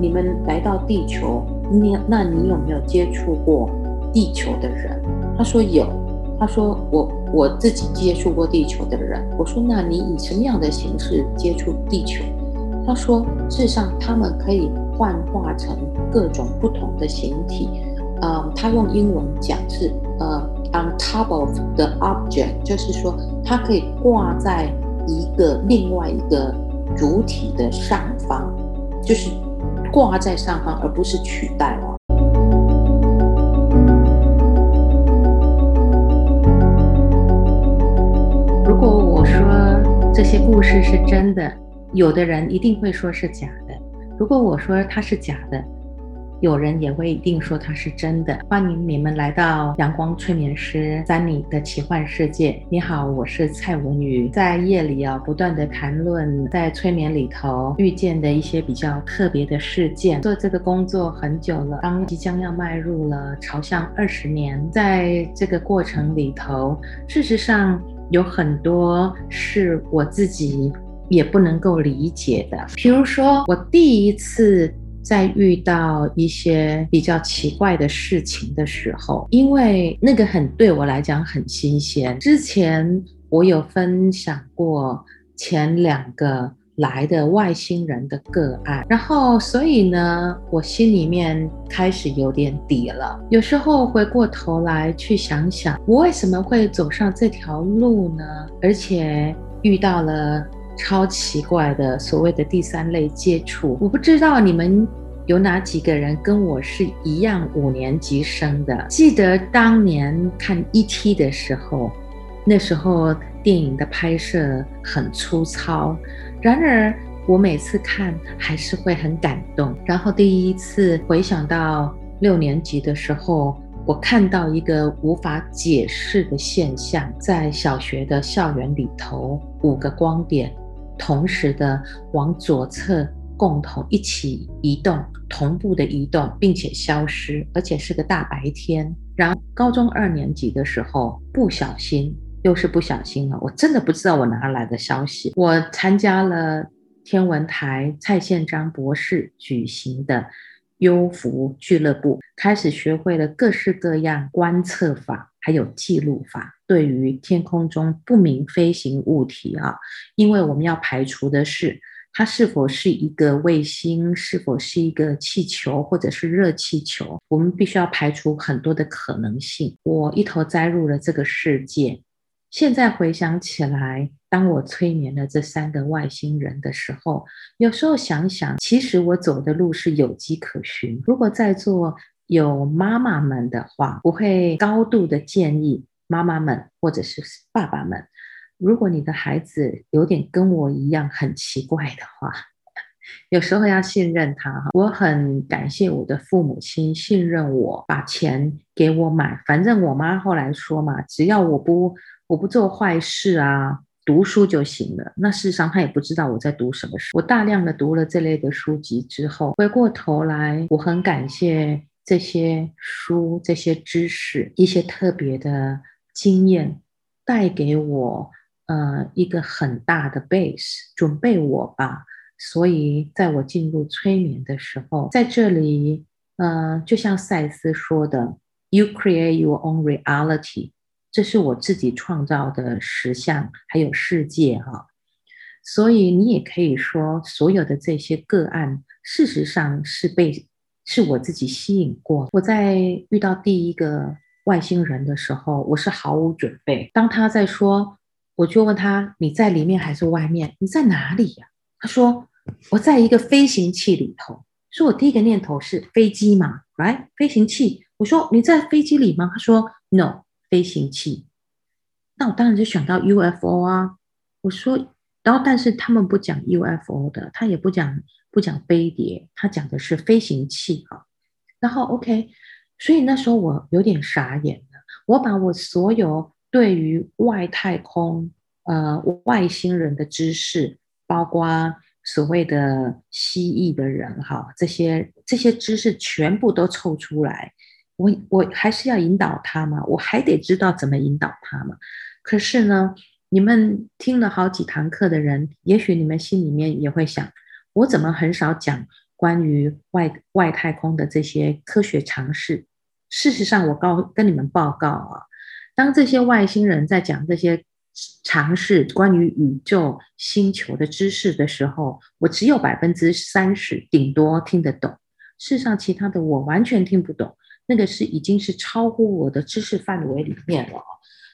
你們來到地球，你那你有沒有接觸過地球的人？他說有。他說我我自己接觸過地球的人。我說那你以什麼樣的形式接觸地球？他說事實上他們可以幻化成各種不同的形體。嗯、呃，他用英文講是呃，on top of the object，就是說他可以掛在一個另外一個主體的上方，就是。掛在上方，而不是取代。如果我說這些故事是真的，有的人一定會說是假的。如果我說它是假的。有人也未必一定說它是真的。歡迎你們來到陽光催眠師三米的奇幻世界。你好，我是蔡文宇，在夜裡啊，不斷地談論在催眠裡頭遇見的一些比較特別的事件。做這個工作很久了，當即將要邁入了朝向二十年，在這個過程裡頭，事實上有很多是我自己也不能夠理解的。比如說，我第一次。在遇到一些比較奇怪的事情的時候，因為那個很對我來講很新鮮。之前我有分享過前兩個來的外星人的個案，然後所以呢，我心裡面開始有點底了。有時候回過頭來去想想，我為什麼會走上這條路呢？而且遇到了。超奇怪的所謂的第三類接觸，我不知道你們有哪幾個人跟我是一樣五年級生的。記得當年看《E.T.》的時候，那時候電影的拍攝很粗糙，然而我每次看還是會很感動。然後第一次回想到六年級的時候，我看到一個無法解釋的現象，在小學的校園裡頭，五個光點。同時的往左側共同一起移動，同步的移動，並且消失，而且是個大白天。然後高中二年級的時候，不小心，又是不小心了，我真的不知道我哪來的消息。我參加了天文台蔡章獻博士舉行的 UFO 俱樂部，開始學會了各式各樣觀測法。還有記錄法，對於天空中不明飛行物體啊，因為我們要排除的是它是否是一個衛星，是否是一個氣球或者是熱氣球，我們必須要排除很多的可能性。我一頭栽入了這個世界，現在回想起來，當我催眠了這三個外星人的時候，有時候想想，其實我走的路是有跡可循。如果在做有媽媽們的話，我會高度的建議媽媽們或者是爸爸們，如果你的孩子有點跟我一樣很奇怪的話，有時候要信任他哈。我很感謝我的父母親信任我，把錢給我買。反正我媽後來說嘛，只要我不我不做壞事啊，讀書就行了。那事實上她也不知道我在讀什麼書。我大量的讀了這類的書籍之後，回過頭來，我很感謝。這些書、這些知識、一些特別的經驗，帶給我呃一個很大的 base，準備我吧。所以在我進入催眠的時候，在這裡，呃就像賽斯說的，“You create your own reality”，這是我自己創造的實相，還有世界哈、啊。所以你也可以說，所有的這些個案，事實上是被。是我自己吸引過。我在遇到第一個外星人的時候，我是毫無準備。當他在說，我就問他：“你在裡面還是外面？你在哪裡呀、啊？”他說：“我在一個飛行器裡頭。”說我第一個念頭是飛機嘛，來、right? 飛行器。我說：“你在飛機裡嗎？”他說：“No，飛行器。”那我當然就想到 UFO 啊。我說，然後但是他們不講 UFO 的，他也不講。不講飛碟，他講的是飛行器哈。然後 OK，所以那時候我有點傻眼了。我把我所有對於外太空、呃外星人的知識，包括所謂的蜥蜴的人哈，這些這些知識全部都湊出來。我我還是要引導他嘛，我還得知道怎麼引導他嘛。可是呢，你們聽了好幾堂課的人，也許你們心裡面也會想。我怎麼很少講關於外外太空的這些科學常識？事實上，我告跟你們報告啊，當這些外星人在講這些常識關於宇宙星球的知識的時候，我只有百分之三十頂多聽得懂，事實上其他的我完全聽不懂，那個是已經是超乎我的知識範圍裡面了。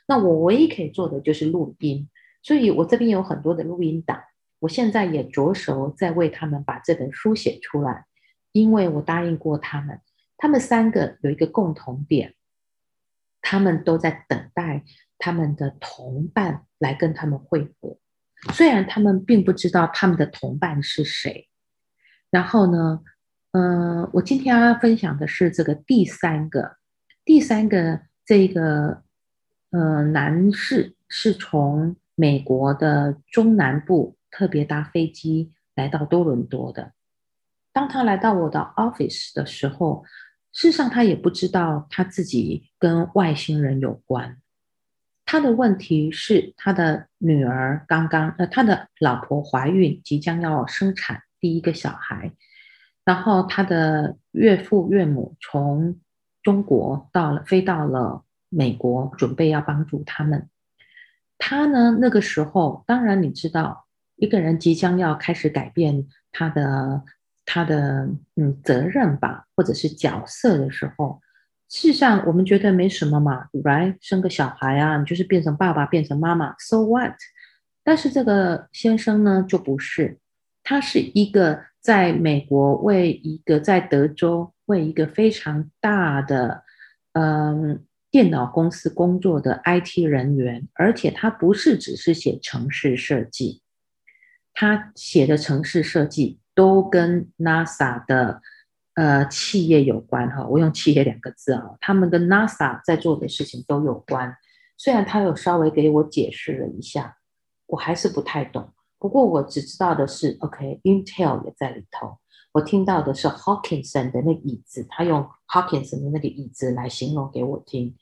那我唯一可以做的就是錄音，所以我這邊有很多的錄音檔。我現在也着手在為他們把這本書寫出來，因為我答應過他們。他們三個有一個共同點，他們都在等待他們的同伴來跟他們匯合，雖然他們並不知道他們的同伴是誰。然後呢，嗯，我今天要分享的是這個第三個，第三個這個，呃，男士是從美國的中南部。特別搭飛機來到多倫多的。當他來到我的 office 的時候，事實上他也不知道他自己跟外星人有關。他的問題是，他的女兒剛剛，呃，他的老婆懷孕，即將要生產第一個小孩。然後他的岳父岳母從中國到了，飛到了美國，準備要幫助他們。他呢，那個時候當然你知道。一個人即將要開始改變他的他的嗯責任吧，或者是角色的時候，事實上我們覺得沒什麼嘛，right？生個小孩啊，你就是變成爸爸，變成媽媽，so what？但是這個先生呢，就不是，他是一個在美國為一個在德州為一個非常大的嗯、呃、電腦公司工作的 IT 人員，而且他不是只是寫程式設計，他寫的城市設計都跟 NASA 的呃，企業有關哈，我用企業兩個字啊，他們跟 NASA 在做的事情都有關。雖然他有稍微給我解釋了一下，我還是不太懂。不過我只知道的是，OK，Intel、OK, 也在裡頭。我聽到的是 Hawkinson 的那個椅子，他用 Hawkinson 的那個椅子來形容給我聽，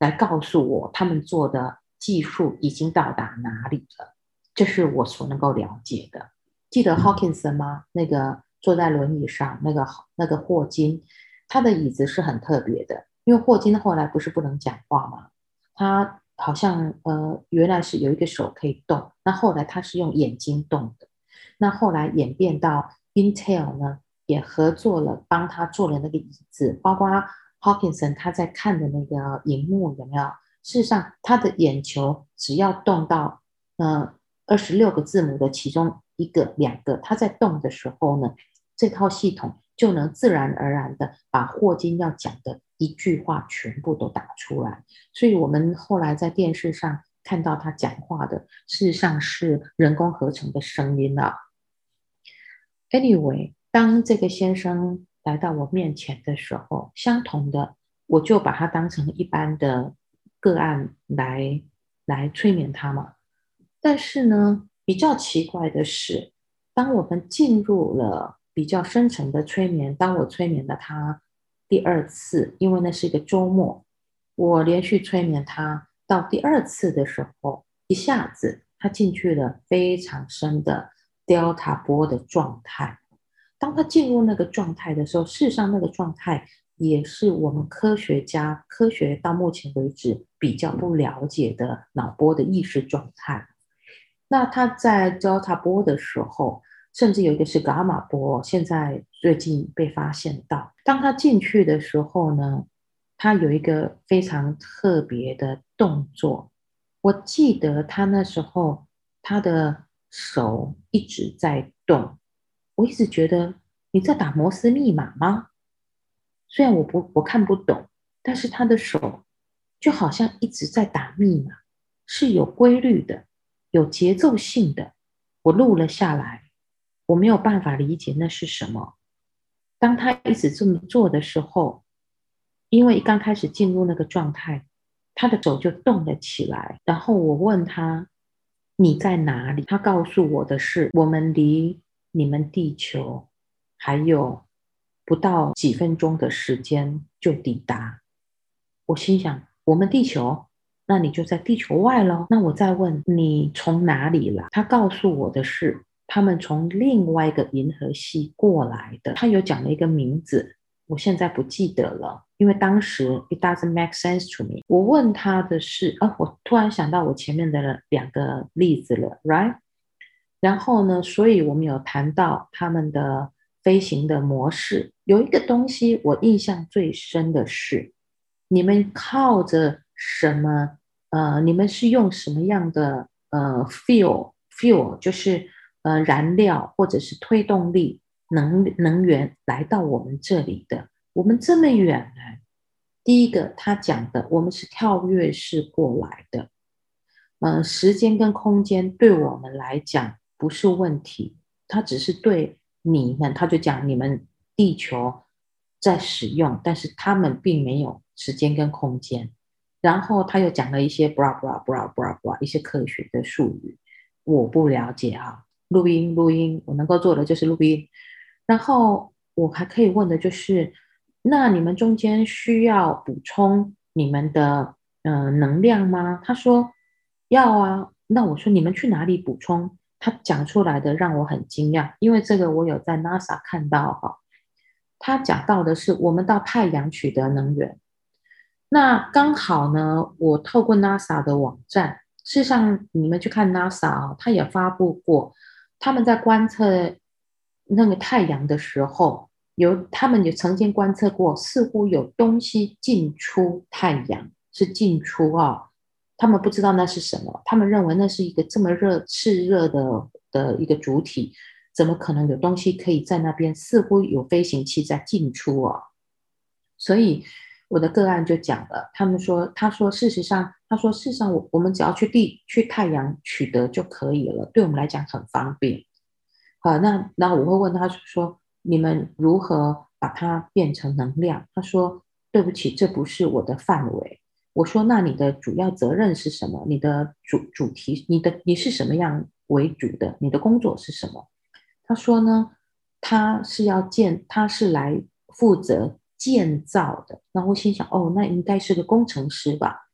來告訴我他們做的技術已經到達哪裡了。這是我所能夠了解的。記得 Hawkinson 嗎？那個坐在輪椅上，那個那個霍金，他的椅子是很特別的，因為霍金後來不是不能講話嘛。他好像，呃，原來是有一個手可以動，那後來他是用眼睛動的。那後來演變到 Intel 呢，也合作了幫他做了那個椅子，包括 Hawkinson 他在看的那個熒幕，有沒有？事實上，他的眼球只要動到呃。二十六個字母的其中一個、兩個，他在動的時候呢，這套系統就能自然而然的把霍金要講的一句話全部都打出來。所以，我們後來在電視上看到他講話的，事實上是人工合成的聲音了啊。Anyway，當這個先生來到我面前的時候，相同的，我就把他當成一般的個案來來催眠他嘛。但是呢，比較奇怪的是，當我們進入了比較深層的催眠，當我催眠了他第二次，因為那是一個周末，我連續催眠他到第二次的時候，一下子他進去了非常深的 Delta 波的狀態。當他進入那個狀態的時候，事實上那個狀態也是我們科學家科學到目前為止比較不了解的腦波的意識狀態。那他在 Delta 波的時候，甚至有一個是伽馬波，現在最近被發現到。當他進去的時候呢，他有一個非常特別的動作。我記得他那時候他的手一直在動，我一直覺得你在打摩斯密碼嗎？雖然我不我看不懂，但是他的手就好像一直在打密碼，是有規律的。有節奏性的，我錄了下來。我沒有辦法理解那是什麼。當他一直這麼做的時候，因為一剛開始進入那個狀態，他的手就動了起來。然後我問他：“你在哪裡？”他告訴我的是：“我們離你們地球還有不到幾分鐘的時間就抵達。”我心想：“我們地球？”那你就在地球外咯，那我再問你從哪裡來？他告訴我的是他們從另外一個銀河系過來的。他有講了一個名字，我現在不記得了，因為當時 it doesn't make sense to me。我問他的是啊，我突然想到我前面的兩個例子了，right？然後呢，所以我們有談到他們的飛行的模式。有一個東西我印象最深的是，你們靠着什麼？呃，你們是用什麼樣的呃 fuel fuel 就是呃燃料或者是推動力能能源來到我們這裡的？我們這麼遠呢？第一個他講的，我們是跳躍式過來的，呃時間跟空間對我們來講不是問題，他只是對你們，他就講你們地球在使用，但是他們並沒有時間跟空間。然後他又講了一些 bra bra bra bra bra 一些科學的術語，我不了解哈、啊。錄音錄音，我能夠做的就是錄音。然後我還可以問的就是，那你們中間需要補充你們的呃能量嗎？他說要啊。那我說你們去哪裡補充？他講出來的讓我很驚訝，因為這個我有在 NASA 看到哈、啊。他講到的是我們到太陽取得能源。那剛好呢，我透過 NASA 的網站，事實上你們去看 NASA 啊，他也發布過，他們在觀測那個太陽的時候，有他們也曾經觀測過，似乎有東西進出太陽，是進出啊，他們不知道那是什麼，他們認為那是一個這麼熱熾熱的的一個主體，怎麼可能有東西可以在那邊？似乎有飛行器在進出啊，所以。我的個案就講了，他們說，他說，事實上，他說，事實上，我我們只要去地去太陽取得就可以了，對我們來講很方便。好，那那我會問他說，你們如何把它變成能量？他說，對不起，這不是我的範圍。我說，那你的主要責任是什麼？你的主主題，你的你是什麼樣為主的？你的工作是什麼？他說呢，他是要見，他是來負責。建造的，然後心想哦，那應該是個工程師吧？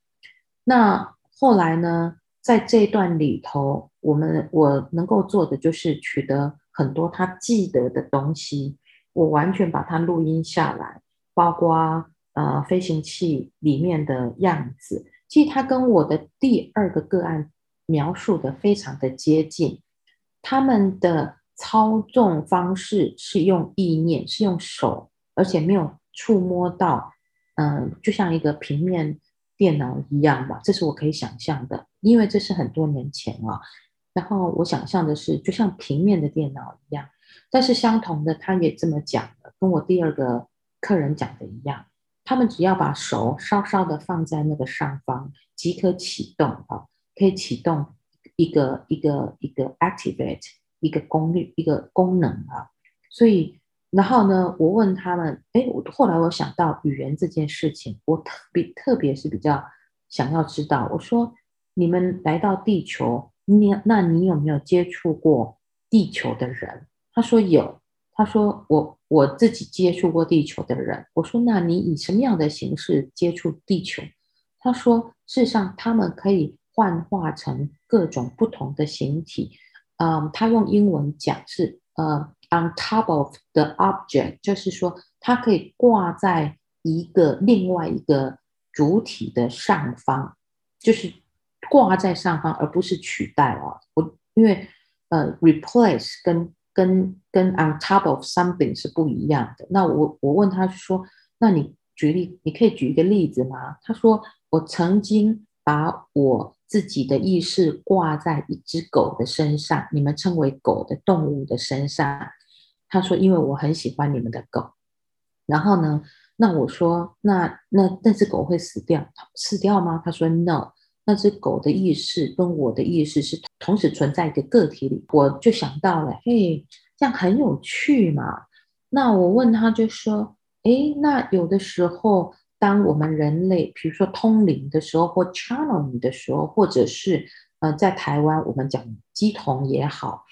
那後來呢，在這一段裡頭，我們我能夠做的就是取得很多他記得的東西，我完全把它錄音下來，包括呃飛行器裡面的樣子。其實他跟我的第二個個案描述的非常的接近，他們的操縱方式是用意念，是用手，而且沒有。觸摸到，嗯、呃，就像一個平面電腦一樣吧，這是我可以想象的，因為這是很多年前啊。然後我想象的是，就像平面的電腦一樣，但是相同的，他也這麼講的，跟我第二個客人講的一樣，他們只要把手稍稍的放在那個上方，即可啟動啊，可以啟動一個一個一個 activate 一個功率一個功能啊，所以。然後呢，我問他們，哎，我後來我想到語言這件事情，我特別特別是比較想要知道。我說，你們來到地球，你那你有沒有接觸過地球的人？他說有。他說我我自己接觸過地球的人。我說那你以什麼樣的形式接觸地球？他說，事實上他們可以幻化成各種不同的形體。嗯、呃，他用英文講是。呃、uh,，on top of the object，就是說，它可以掛在一個另外一個主體的上方，就是掛在上方，而不是取代了。我因為呃、uh,，replace 跟跟跟 on top of something 是不一樣的。那我我問他說，那你舉例，你可以舉一個例子嗎？他說，我曾經把我。自己的意識掛在一隻狗的身上，你們稱為狗的動物的身上。他說：“因為我很喜歡你們的狗。”然後呢？那我說：“那那那隻狗會死掉？死掉嗎？”他說：“No。”那隻狗的意識跟我的意識是同時存在一個個體裡。我就想到了，嘿，這樣很有趣嘛。那我問他就說：“誒，那有的時候，”當我們人類，比如說通靈的時候，或 channel 的時候，或者是，呃，在台灣我們講乩童也好，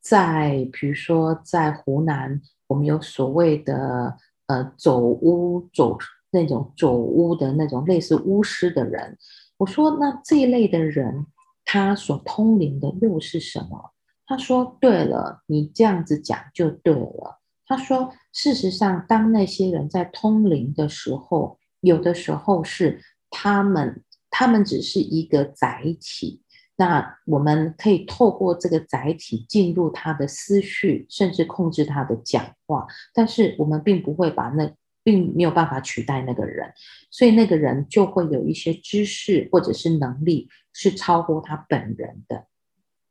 在比如說在湖南我們有所謂的，呃走巫走那種走巫的那種類似巫師的人，我說那這一類的人，他所通靈的又是什麼？他說對了，你這樣子講就對了。他說事實上，當那些人在通靈的時候，有的時候是他們，他們只是一個載體，那我們可以透過這個載體進入他的思緒，甚至控制他的講話，但是我們並不會把那並沒有辦法取代那個人，所以那個人就會有一些知識或者是能力是超過他本人的。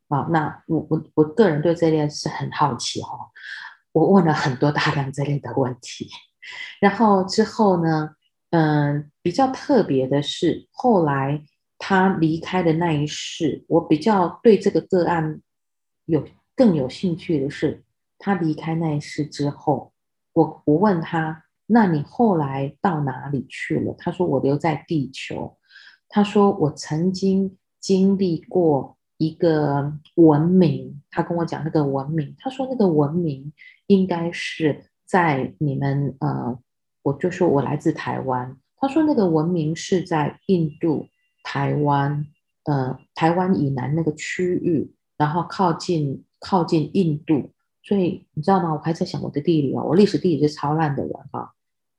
啊，那我我我個人對這件事很好奇哦，我問了很多大量這類的問題，然後之後呢？嗯，比較特別的是，後來他離開的那一世，我比較對這個個案有更有興趣的是，他離開那一世之後，我我問他，那你後來到哪裡去了？他說我留在地球。他說我曾經經歷過一個文明，他跟我講那個文明，他說那個文明應該是在你們，呃，我就說，我來自台灣。他說，那個文明是在印度、台灣，呃，台灣以南那個區域，然後靠近靠近印度。所以你知道嗎？我還在想我的地理啊、哦，我歷史地理是超爛的人哈、哦。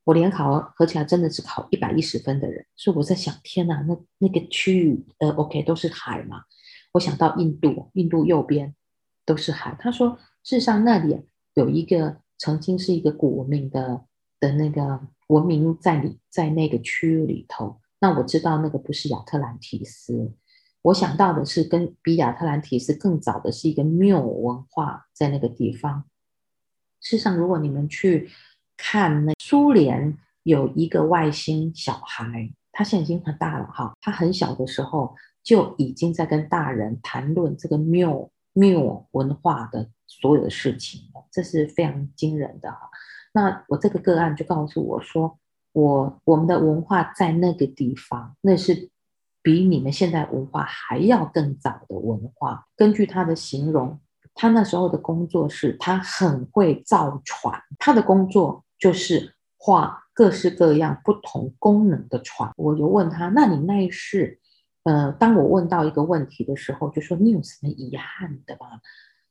我聯考合起來，真的只考一百一十分的人。所以我在想，天哪，那那個區域，呃，OK，都是海嘛。我想到印度，印度右邊都是海。他說，事實上那裡有一個曾經是一個古文明的。的那個文明，在裡，在那個區域裡頭。那我知道那個不是亞特蘭提斯，我想到的是跟比亞特蘭提斯更早的是一個繆文化在那個地方。事實上，如果你們去看那蘇聯有一個外星小孩，他現在已經很大了哈，他很小的時候就已經在跟大人談論這個繆繆文化的所有的事情了，這是非常驚人的哈。那我這個個案就告訴我說，我我們的文化在那個地方，那是比你們現在文化還要更早的文化。根據他的形容，他那時候的工作是，他很會造船，他的工作就是畫各式各樣不同功能的船。我就問他，那你那一世，呃，當我問到一個問題的時候，就說你有什麼遺憾的嗎？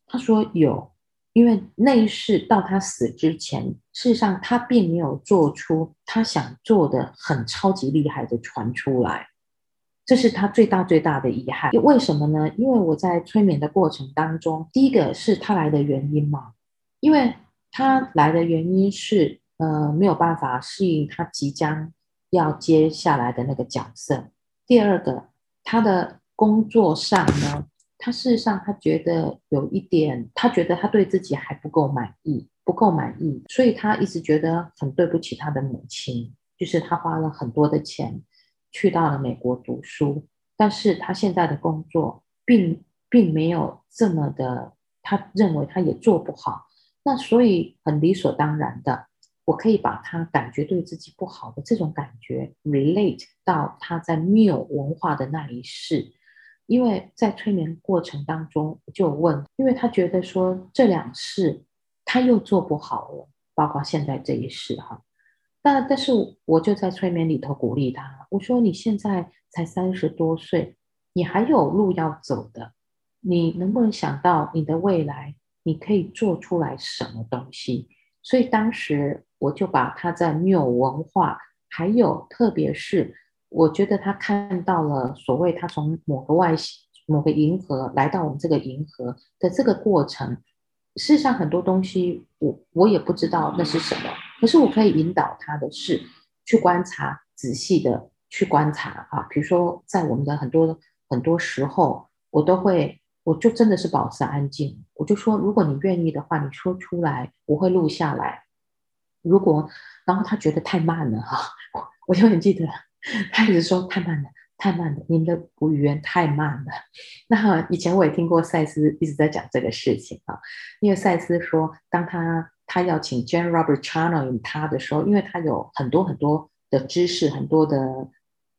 他說有。因為那一世到他死之前，事實上他並沒有做出他想做的很超級厲害的船出來，這是他最大最大的遺憾。為什麼呢？因為我在催眠的過程當中，第一個是他來的原因嘛，因為他來的原因是，呃，沒有辦法適應他即將要接下來的那個角色。第二個，他的工作上呢。他事實上，他覺得有一點，他覺得他對自己還不夠滿意，不夠滿意，所以他一直覺得很對不起他的母親。就是他花了很多的錢，去到了美國讀書，但是他現在的工作並並沒有這麼的，他認為他也做不好。那所以很理所當然的，我可以把他感覺對自己不好的這種感覺 relate 到他在沒有文化的那一世。因為在催眠過程當中，就問，因為他覺得說這兩世他又做不好了，包括現在這一世哈。那但是我就在催眠裡頭鼓勵他，我說你現在才三十多歲，你還有路要走的，你能不能想到你的未來，你可以做出來什麼東西？所以當時我就把他在沒有文化，還有特別是。我覺得他看到了所謂他從某個外星某個銀河來到我們這個銀河的這個過程。事實上，很多東西我我也不知道那是什麼。可是我可以引導他的是去觀察，仔細的去觀察哈，啊，比如說，在我們的很多很多時候，我都會，我就真的是保持安靜。我就說，如果你願意的話，你說出來，我會錄下來。如果，然後他覺得太慢了哈，我有點記得。他一直說太慢了，太慢了，您的不語言太慢了。那以前我也聽過賽斯一直在講這個事情啊，因為賽斯說，當他他要請 Jane Robert Channel 他的時候，因為他有很多很多的知識，很多的。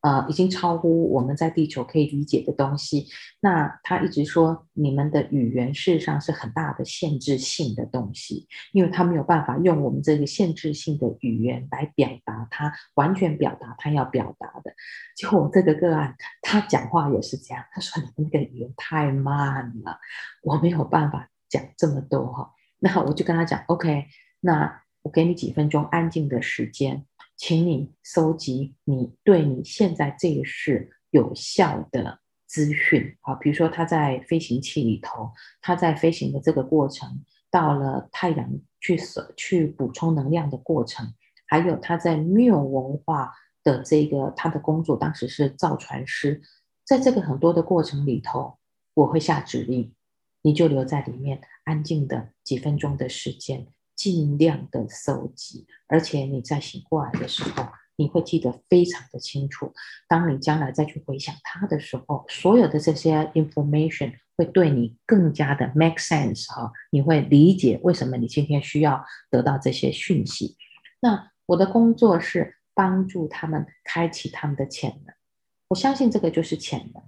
呃，已經超乎我們在地球可以理解的東西。那他一直說，你們的語言事實上是很大的限制性的東西，因為他沒有辦法用我們這個限制性的語言來表達他完全表達他要表達的。就我這個個案，他講話也是這樣，他說，你們那個語言太慢了，我沒有辦法講這麼多哈。那我就跟他講，OK，那我給你幾分鐘安靜的時間。請你收集你對你現在這一世有效的資訊，好，比如說他在飛行器裡頭，他在飛行的這個過程，到了太陽去搜去補充能量的過程，還有他在沒有文化的這個他的工作當時是造船師，在這個很多的過程裡頭，我會下指令，你就留在裡面安靜的幾分鐘的時間。盡量的收集，而且你在醒過來的時候，你會記得非常的清楚。當你將來再去回想它的時候，所有的這些 information 會對你更加的 make sense 哈、哦，你會理解為什麼你今天需要得到這些訊息。那我的工作是幫助他們開啟他們的潛能。我相信這個就是潛能。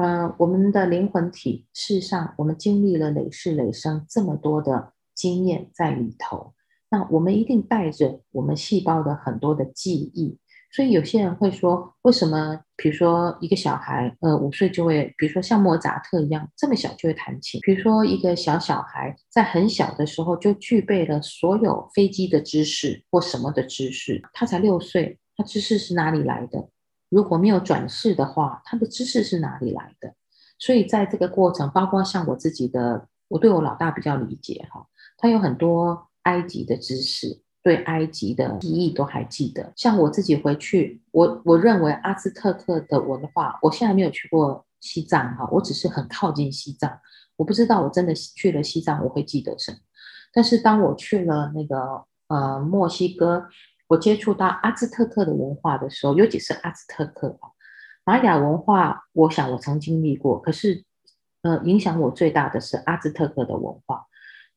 嗯、呃，我們的靈魂體，事實上我們經歷了累世累生這麼多的。經驗在裡頭，那我們一定帶着我們細胞的很多的記憶，所以有些人會說，為什麼？比如說一個小孩，呃，五歲就會，比如說像莫扎特一樣，這麼小就會彈琴。比如說一個小小孩在很小的時候就具備了所有飛機的知識或什麼的知識，他才六歲，他知識是哪裡來的？如果沒有轉世的話，他的知識是哪裡來的？所以在這個過程，包括像我自己的，我對我老大比較理解哈。他有很多埃及的知識，對埃及的記憶都還記得。像我自己回去，我我認為阿茲特克的文化，我現在沒有去過西藏哈，我只是很靠近西藏，我不知道我真的去了西藏我會記得什麼。但是當我去了那個呃、墨西哥，我接觸到阿茲特克的文化的時候，尤其是阿茲特克啊，瑪雅文化，我想我曾經歷過，可是呃，影響我最大的是阿茲特克的文化。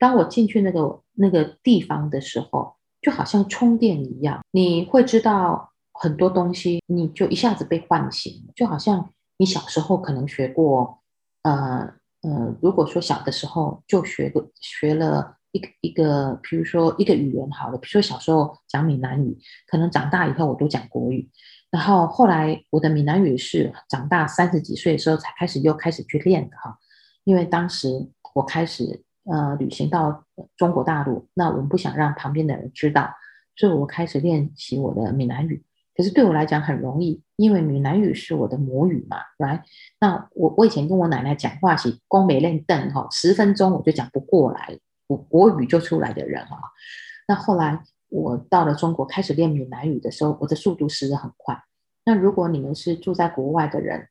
當我進去那個那個地方的時候，就好像充電一樣，你會知道很多東西，你就一下子被喚醒，就好像你小時候可能學過，呃呃，如果說小的時候就學過學了一個一個，比如說一個語言好了，比如說小時候講閩南語，可能長大以後我都講國語，然後後來我的閩南語是長大三十幾歲的時候才開始又開始去練的哈，因為當時我開始。呃，旅行到中國大陸，那我們不想讓旁邊的人知道，所以我開始練習我的閩南語。可是對我來講很容易，因為閩南語是我的母語嘛。來，那我我以前跟我奶奶講話，其實光每練鄧哈十分鐘我就講不過來，我國語就出來的人啊。那後來我到了中國，開始練閩南語的時候，我的速度是很快。那如果你們是住在國外的人，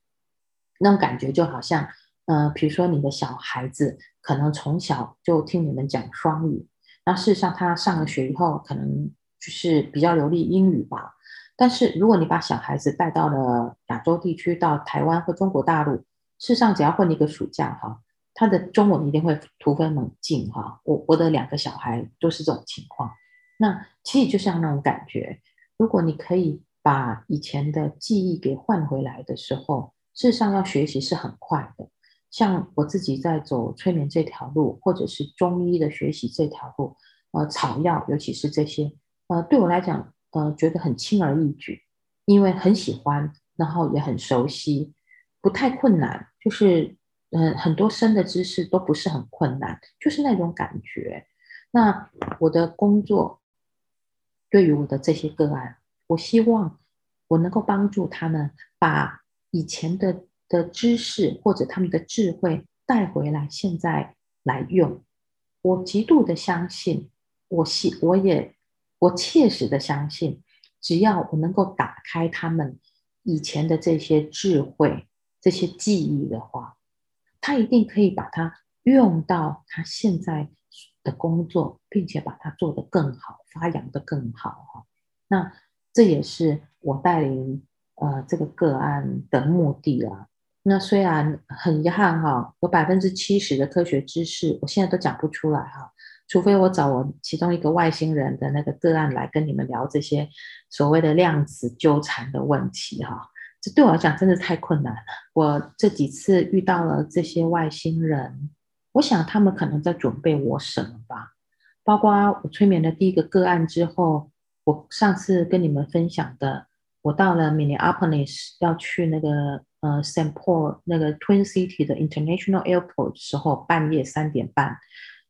那種感覺就好像。呃，比如說你的小孩子可能從小就聽你們講雙語，那事實上他上了學以後，可能就是比較流利英語吧。但是如果你把小孩子帶到了亞洲地區，到台灣或中國大陸，事實上只要混一個暑假哈，他的中文一定會突飛猛進哈。我我的兩個小孩都是這種情況。那其實就像那種感覺，如果你可以把以前的記憶給換回來的時候，事實上要學習是很快的。像我自己在走催眠這條路，或者是中醫的學習這條路，呃，草藥尤其是這些，呃，對我來講，呃，覺得很輕而易舉，因為很喜歡，然後也很熟悉，不太困難，就是嗯、呃，很多深的知識都不是很困難，就是那種感覺。那我的工作，對於我的這些個案，我希望我能夠幫助他們把以前的。的知識或者他們的智慧帶回來，現在來用。我極度的相信，我信我也我切實的相信，只要我能夠打開他們以前的這些智慧、這些記憶的話，他一定可以把它用到他現在的工作，並且把它做得更好，發揚得更好啊。那這也是我帶領呃這個個案的目的啊。那雖然很遺憾哈、哦，有百分之七十的科學知識，我現在都講不出來哈、哦，除非我找我其中一個外星人的那個個案來跟你們聊這些所謂的量子糾纏的問題哈、哦，這對我來講真的太困難了。我這幾次遇到了這些外星人，我想他們可能在準備我什麼吧？包括我催眠的第一個個案之後，我上次跟你們分享的。我到了 Minneapolis，要去那個呃 St. Paul 那個 Twin City 的 International Airport 時候，半夜三點半，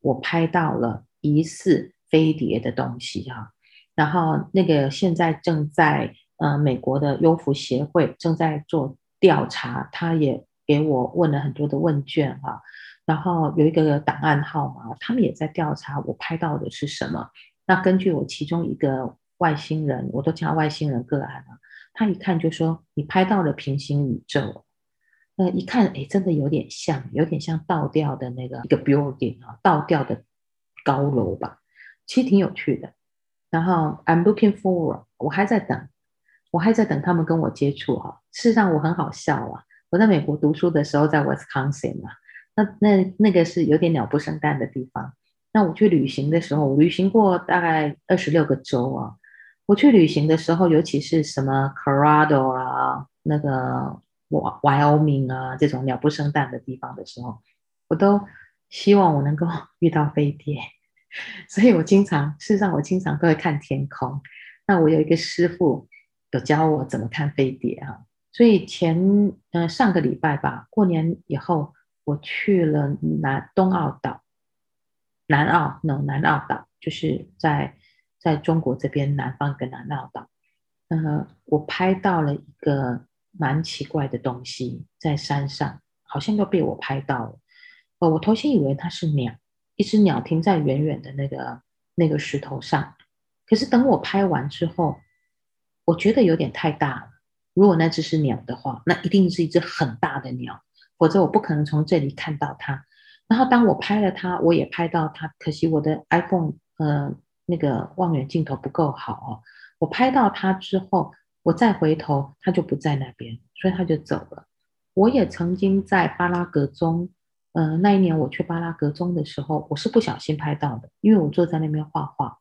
我拍到了疑似飛碟的東西哈、啊。然後那個現在正在呃美國的 UFO 協會正在做調查，他也給我問了很多的問卷哈、啊。然後有一個檔案號碼，他們也在調查我拍到的是什麼。那根據我其中一個。外星人，我都叫外星人個案了啊，他一看就說：“你拍到了平行宇宙。”那一看，哎，真的有點像，有點像倒吊的那個一個 building 啊，倒吊的高樓吧。其實挺有趣的。然後 I'm looking forward，我還在等，我還在等他們跟我接觸啊。事實上，我很好笑啊。我在美國讀書的時候，在 Wisconsin 嘛啊，那那那個是有點鳥不生蛋的地方。那我去旅行的時候，我旅行過大概二十六個州啊。我去旅行的時候，尤其是什麼 Colorado 啊、那個 Wyoming 啊這種鳥不生蛋的地方的時候，我都希望我能夠遇到飛碟。所以我經常，事實上我經常都會看天空。那我有一個師傅有教我怎麼看飛碟哈、啊。所以前嗯、呃、上個禮拜吧，過年以後我去了南東澳島，南澳 no 南澳島就是在。在中國這邊南方跟南澳島，嗯、呃，我拍到了一個蠻奇怪的東西，在山上，好像都被我拍到了。呃，我頭先以為它是鳥，一隻鳥停在遠遠的那個那個石頭上，可是等我拍完之後，我覺得有點太大了。如果那只是鳥的話，那一定是一隻很大的鳥，否則我不可能從這裡看到它。然後當我拍了它，我也拍到它，可惜我的 iPhone，嗯、呃。那個望遠鏡頭不夠好哦，我拍到它之後，我再回頭，它就不在那邊，所以它就走了。我也曾經在巴拉格宗，呃，那一年我去巴拉格宗的時候，我是不小心拍到的，因為我坐在那邊畫畫，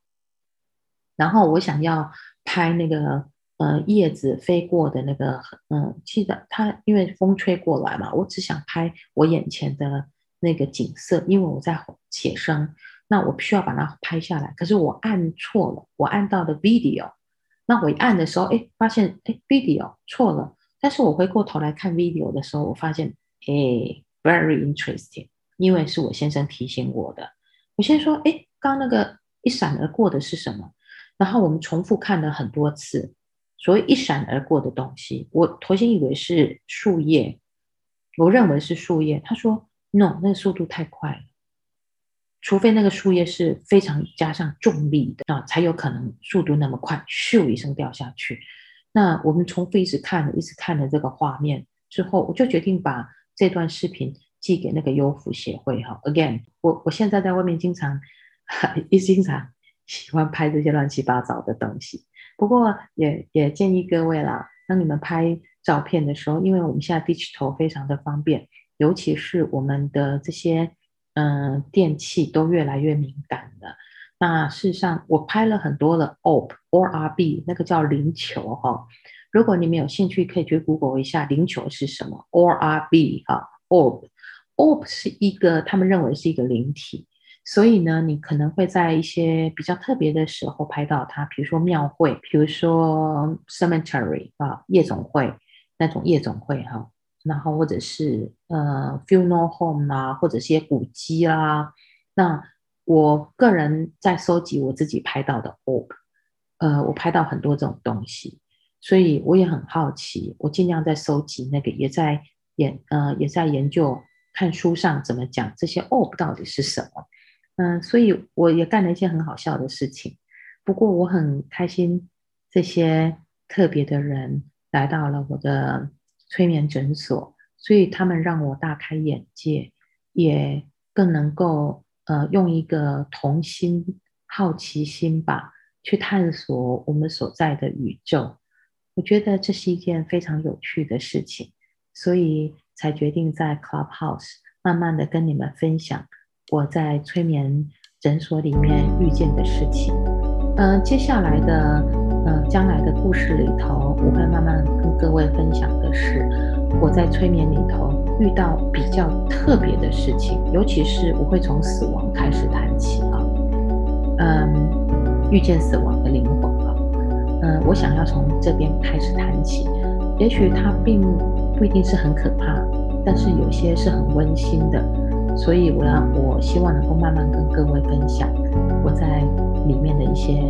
然後我想要拍那個呃葉子飛過的那個嗯記得它，因為風吹過來嘛，我只想拍我眼前的那個景色，因為我在寫生。那我必須要把它拍下來，可是我按錯了，我按到的 video。那我一按的時候，哎、欸，發現哎、欸、video 錯了。但是我回過頭來看 video 的時候，我發現哎、欸、very interesting，因為是我先生提醒我的。我先說，哎、欸，剛那個一閃而過的是什麼？然後我們重複看了很多次，所謂一閃而過的東西，我頭先以為是樹葉，我認為是樹葉。他說 no，那個速度太快。除非那個樹葉是非常加上重力的啊，才有可能速度那麼快，咻一聲掉下去。那我們重複一直看一直看的這個畫面之後，我就決定把這段視頻寄給那個 UFO 協會哈。Again，我我現在在外面經常，一直經常喜歡拍這些亂七八糟的東西。不過也也建議各位啦，當你們拍照片的時候，因為我們現在 digital 非常的方便，尤其是我們的這些。嗯，電器都越來越敏感了。那事實上，我拍了很多的 OP ORB 那個叫靈球哈、哦。如果你們有興趣，可以去 Google 一下靈球是什麼。ORB 哈 ORB、啊、ORB, ORB 是一個他們認為是一個靈體，所以呢，你可能會在一些比較特別的時候拍到它，比如說廟會，比如說 cemetery 啊，夜總會那種夜總會哈。啊然後，或者是呃，funeral home 啊，或者一些古蹟啦、啊。那我個人在收集我自己拍到的 orb，呃，我拍到很多這種東西，所以我也很好奇。我盡量在收集那個，也在研呃，也在研究看書上怎麼講這些 orb 到底是什麼？嗯、呃，所以我也幹了一些很好笑的事情。不過我很開心，這些特別的人來到了我的催眠診所，所以他們讓我大開眼界，也更能夠呃用一個童心、好奇心吧，去探索我們所在的宇宙。我覺得這是一件非常有趣的事情，所以才決定在 Clubhouse 慢慢的跟你們分享我在催眠診所裡面遇見的事情。嗯、呃，接下來的。嗯，將來的故事裡頭，我會慢慢跟各位分享的是，我在催眠裡頭遇到比較特別的事情，尤其是我會從死亡開始談起啊。嗯，遇見死亡的靈魂啊，嗯，我想要從這邊開始談起，也許它並不一定是很可怕，但是有些是很溫馨的，所以我要我希望能夠慢慢跟各位分享我在裡面的一些。